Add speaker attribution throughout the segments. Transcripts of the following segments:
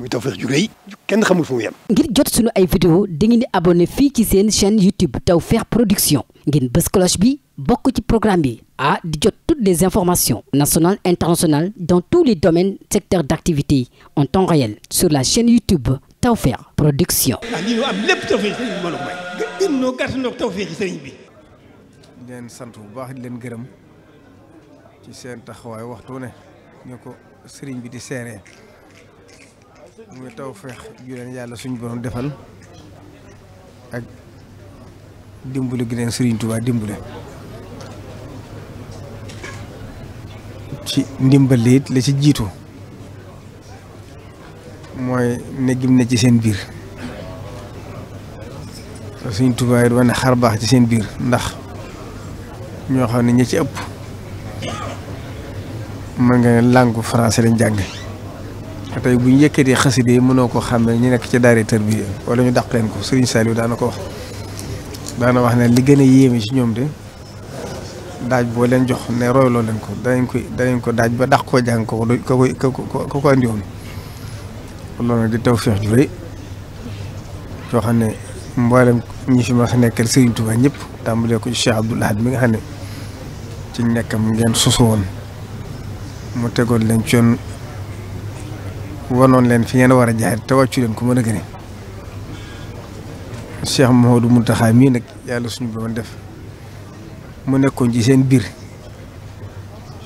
Speaker 1: muy Tawfekh ju rëy kenn xamul fu mu yem. ngir jot sunu ay vidéo dangeen di abonné fii ci seen chaîne YouTube Tawfekh Production ngeen bës cloche bi bokk ci programme bi ah di jot toutes les informations nationales internationales dans tous les domaines secteurs d'activité en temps réel sur la chaîne YouTube Tawfekh Production. ah lii am lépp Tawfekh sant bu gërëm ci seen taxawaay waxtu ne ñu ko sëriñ bi di seeree. muy tawfeex ju leen yàlla suñu borom defal ak dimbali gi leen Serigne dimbali ci ndimbal it la ci jiitu mooy ne gim ne ci seen biir Serigne Touba it wane xar baax ci seen biir ndax ñoo xam ne ña ci ëpp mën nga ne langue français lañ jàng. tey bu ñu yëkkatee xaside yi mënoo ko xam ne ñu nekk ci daara bi wala ñu dàq leen ko Serigne Saliou daana ko wax daana wax ne li gën a yéeme ci ñoom de daaj boo leen jox ne royloo leen ko danañ ko danañ ko daaj ba dàq ko jàng ko ko ko ko andi woon loolu di tawfeex ju rëy yoo xam ne mboolem ñi fi ma nekkal Serigne Touba ñëpp tàmbalee ko ci Cheikh Abdoul Ahad mi nga xam ne ci nekkam ngeen sosu mu tegoon leen ci yoon wanoon leen fi ngeen war a jaar te wàccu leen ku mën a gëne Cheikh Mouhamadou Mountakha mii nag yàlla suñu borom def mu nekkoon ci seen biir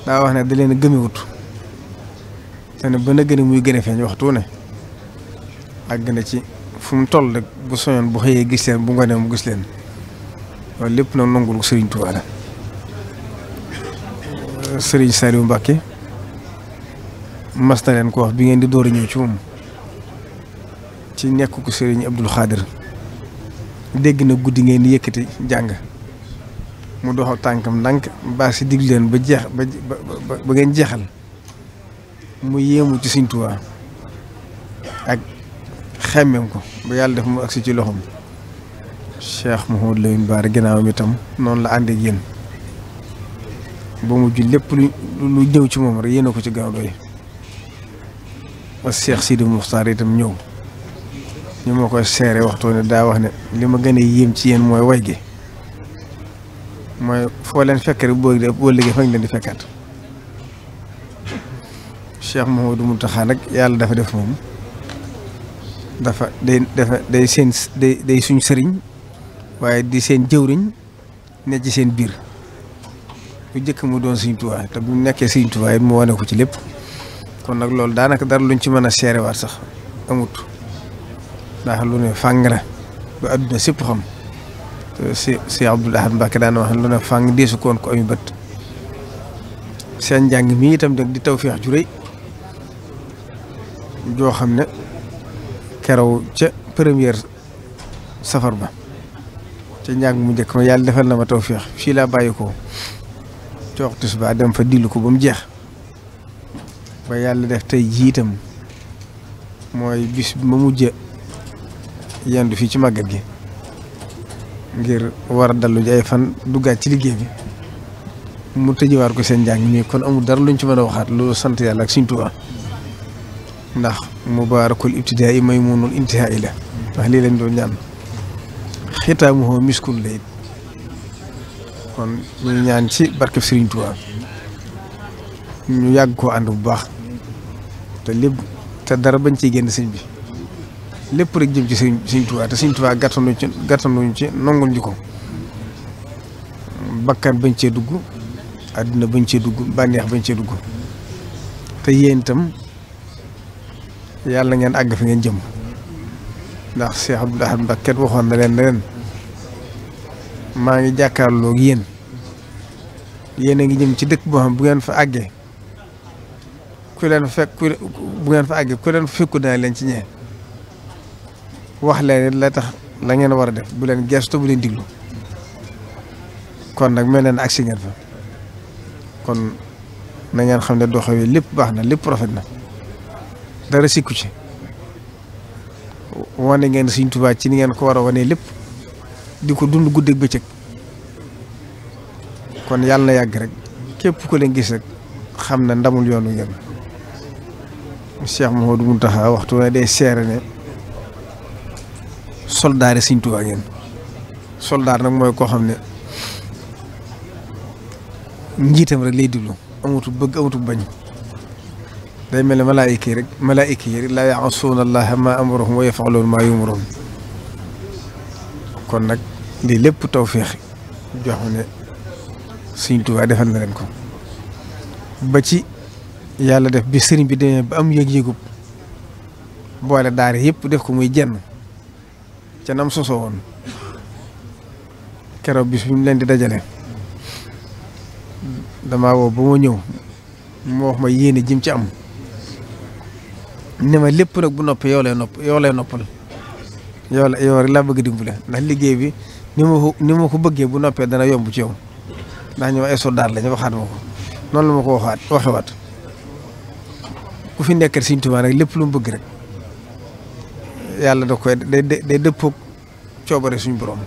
Speaker 1: daa wax ne da leen a gëmewut te ne ba na gën a muy gën a feeñ waxtu ne àgg na ci fu mu toll rek bu soñoon bu xëyee gis leen bu ngoonee mu gis leen loolu lépp nag nongul Serigne Touba la Serigne Saliou mas na leen ko wax bi ngeen di door a ñëw ci moom ci nekk ko sëriñ Abdul Xaadir dégg na guddi ngeen di yëkkati jàng mu doxal tànkam ndànk baa si diglu leen ba ngeen jeexal mu yéemu ci Sëriñ Tuubaa ak xemmem ko ba yàlla def mu agsi ci loxoom Cheikh Mouhamadou Lamine Bara ginnaawam itam noonu la àndee ak yéen ba mujj lépp lu ñëw ci moom rek yéene ko ci gaaw doy ba Cheikh Sidi Muxtaar itam ñëw ñu ma koy seere waxtoo ne daa wax ne li ma gën a yéem ci yéen mooy way gi mooy foo leen fekk rek boo boo liggéey fa leen di fekkaat Cheikh Mouhamadou Mountakha nag yàlla dafa def moom dafa day dafa day seen day day suñ sëriñ waaye di seen jëwriñ ne ci seen biir bu njëkk mu doon Sëriñ Tuubaa te bu nekkee Sëriñ Tuubaa it mu wane ko ci lépp. kon nag loolu daanaka dara luñ ci mën a seere waat sax amut ndax lu ne fàng na ba adduna sépp xam si si Abdoul daan wax lu fàng deesu koon ko ami bët seen njàng mi itam di tawféex ju rëy joo xam ne kerew ca première safar ba ca njàng mu njëkk ma yàlla defal na ma feex fii laa bàyyi ko coox tus ba dem fa dillu ko ba mu jeex ba yàlla def tey jiitam mooy bis ma mujj yendu fii ci màggat gi ngir war a dallu ji ay fan duggaat ci liggéey bi mu tëjiwaat ko seen njàng mi kon amul dara luñ ci mën a waxaat loolu sant yàlla ak Sëriñ Tuubaa ndax mubaarakul ibtidaa yi may munul intihaa yi la ndax lii lañ doon ñaan xitaamuhu miskun la it kon ñu ñaan ci barkeb Sëriñ Tuubaa ñu yàgg ko ànd bu baax te lépp te dara bañ ciy génn sëñ bi lépp rek jëm ci sëñ sëñ Tuubaa te sëñ Tuubaa gàttanuñ ci gàttanuñ ci nongul ñu ko bakkan bañ cee dugg àdduna bañ cee dugg bànneex bañ cee dugg te yéen itam yàlla ngeen àgg fi ngeen jëm ndax Cheikh Abdoul Ahad Mbacké waxoon na leen ne maa ngi jàkkaarloo ak yéen yéen a ngi jëm ci dëkk boo xam bu ngeen fa àggee ku leen fekk ku bu ngeen fa àggee ku leen fekku dana leen ci ñee wax leen la tax la ngeen war a def bu leen gestu bu leen diglu kon nag mel neen agsi ngeen fa kon na ngeen xam ne doxo yi lépp baax na lépp rafet na dara sikku ci wane ngeen Sëriñ Tuubaa ci ni ngeen ko war a wanee lépp di ko dund guddeeg bëccëg kon yàlla na yàgg rek képp ku leen gis rek xam na ndamul yoonu ngeen Cheikh Mouhamadou Mountakha waxtu ne day seere ne soldaar yi Sëriñ Tuubaa soldaar nag mooy koo xam ne njiitam rek lay diglu amatu bëgg amatu bañ day mel ne malaayika yi rek malaayika yi rek laa yaasuuna allaha ma amarahum wa yafaluuna ma yumaroon kon nag lii lépp tawféex jox ne Sëriñ Tuubaa defal na leen ko ba ci yàlla def bi sëriñ bi demee ba am yëg-yëgub boole daar yëpp def ko muy jenn ca nam sosoo woon keroog bis bi mu leen di dajale damaa woo ba mu ñëw moo wax ma yéene jim ci am ne ma lépp nag bu noppee yoo lay nopp yoo lay noppal yoo la yoo rek laa bëgg dimbale ndax liggéey bi ni ma ko ni ma ko bëggee bu noppee dana yomb ci yow ndax ñoo ay soldaar lañu waxaat ma ko noonu la ma ko waxaat waxewaat ku fi nekkal Sëriñ Tuubaa rek lépp lu mu bëgg rek yàlla da koy day day dëppoog coobare suñu borom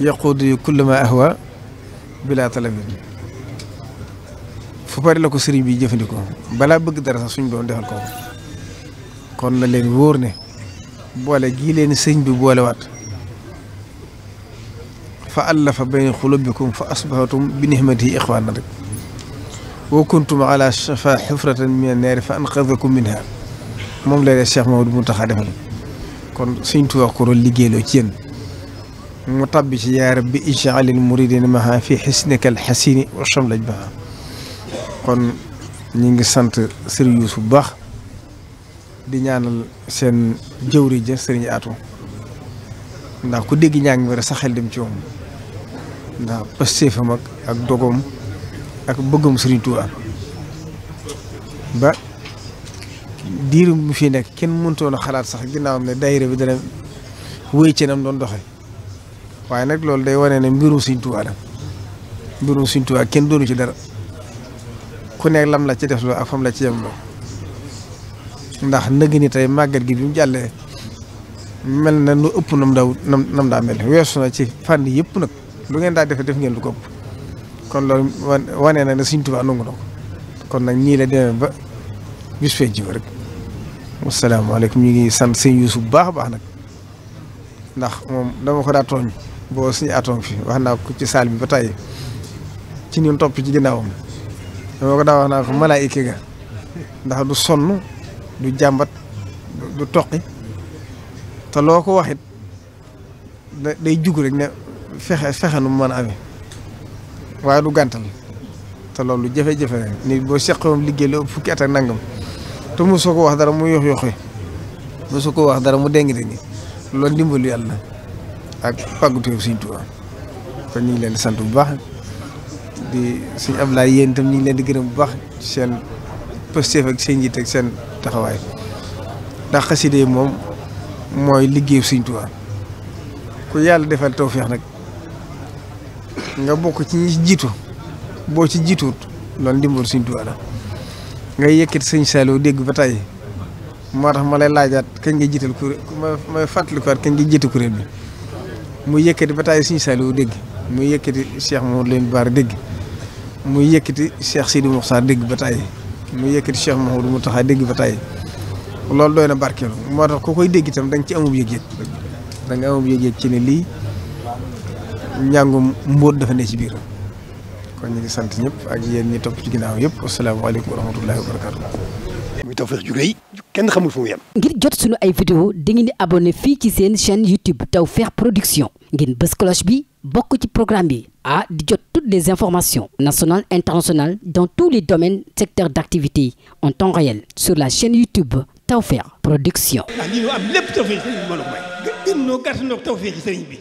Speaker 1: yaquudu kullu ma ahwa bila talabin fu bari la ko sëriñ bi jëfandikoo balaa bëgg dara sax suñu borom defal ko kon na leen wóor ne boole gii leen sëriñ bi boolewaat fa allafa bayna xulubikum fa asbahatum bi nihmatihi na rek wa kuntum ala shafa xufratin min annaari fa anqadakum minha moom lay def Cheikh Mamadou Mountakha defal kon suñ Tuubaa ko doon liggéeyloo ci yéen mu tabbi ci yaa rabbi ij'alil ma maha fi xisnika alxasini wa shamlaj maha kon ñu ngi sant Sëriñ bu baax di ñaanal seen jëwri ja Sëriñ Aatu ndax ku dégg ñaa ngi war a saxel dem ci moom ndax pëstéefam ak ak dogoom ak bëggum Serigne Touba ba diiru bu fi nekk kenn mënutoon a xalaat sax ginnaawam ne day bi dana wéy nam doon doxe waaye nag loolu day wane ne mbirum Serigne Touba la mbirum Serigne Touba kenn doonu ci dara ku nekk lam la ci def loo ak fam la ci yem loo ndax nëgg ni tey màggat gi bi mu jàllee mel na nu ëpp nam mu nam nam daa mel weesu na ci fànn yëpp nag lu ngeen daa defe def ngeen lu ko ëpp kon loolu wane na ne Sëriñ Tuubaa nangu na ko kon nag ñii la demee ba bis fee ji ba rek. wasalaamaaleykum ñu ngi sant sëñ Yuusu bu baax a baax nag ndax moom dama ko daa tooñ boo suñu atoom fi wax naa ko ci saal bi ba tàyyi ci ñun topp ci ginnaawam dama ko daa wax naa ko malaayika ga ndax du sonn du jàmbat du toqi te loo ko waxit day jug rek ne fexe fexe nu mu mën waaye du gàntal te loolu jafe-jafe nit boo seqoom liggéey loo fukki at ak nangam te mosoo ko wax dara mu yox yoxe mosoo ko wax dara mu dengi dengi loolu ndimbalu yàlla ak pàggatu Sëñ Tuubaa kon ñu ngi leen di sant bu baax di Sëñ Ablaay yéen itam ñu ngi leen di gërëm bu baax seen pësteef ak seen njiit ak seen taxawaay ndax xaside moom mooy liggéeyu Sëñ Tuubaa ku yàlla defal tawfeex nag. nga bokk ci ñi jiitu boo ci jiituwut loolu ndimbal suñ Tuubaa la ngay yëkkati sëñ Saliou dégg ba tey moo tax ma lay laajaat kañ nga jiital kuréel ma may fàttalikuwaat kañ nga jiitu kuréel bi muy yëkkati ba tey sëñ Saliou dégg muy yëkkati Cheikh Mouhamadou Lamine Bara dégg muy yëkkati Cheikh Sidi Moukhtar dégg ba tey muy yëkkati Cheikh Mouhamadou Mountakha dégg ba tey loolu doy na barkeelu moo tax ku koy dégg itam ci amub yëg danga da nga ci ne lii njàngum mbóot dafa ne ci biir kon ñu ngi sant ñëpp ak yéen ñi topp ci ginnaaw yëpp asalaamaaleykum wa rahmatullahi wa barakaatu. muy Tawfekh kenn xamul fu jot sunu ay vidéo dangeen di abonné fii ci seen chaîne YouTube Tawfekh Production ngeen bës cloche bi bokk ci programme bi ah di jot toutes des informations nationales internationales dans tous les domaines secteurs d'activité en temps réel sur la chaîne YouTube Tawfekh Production. ah lii am lépp bi.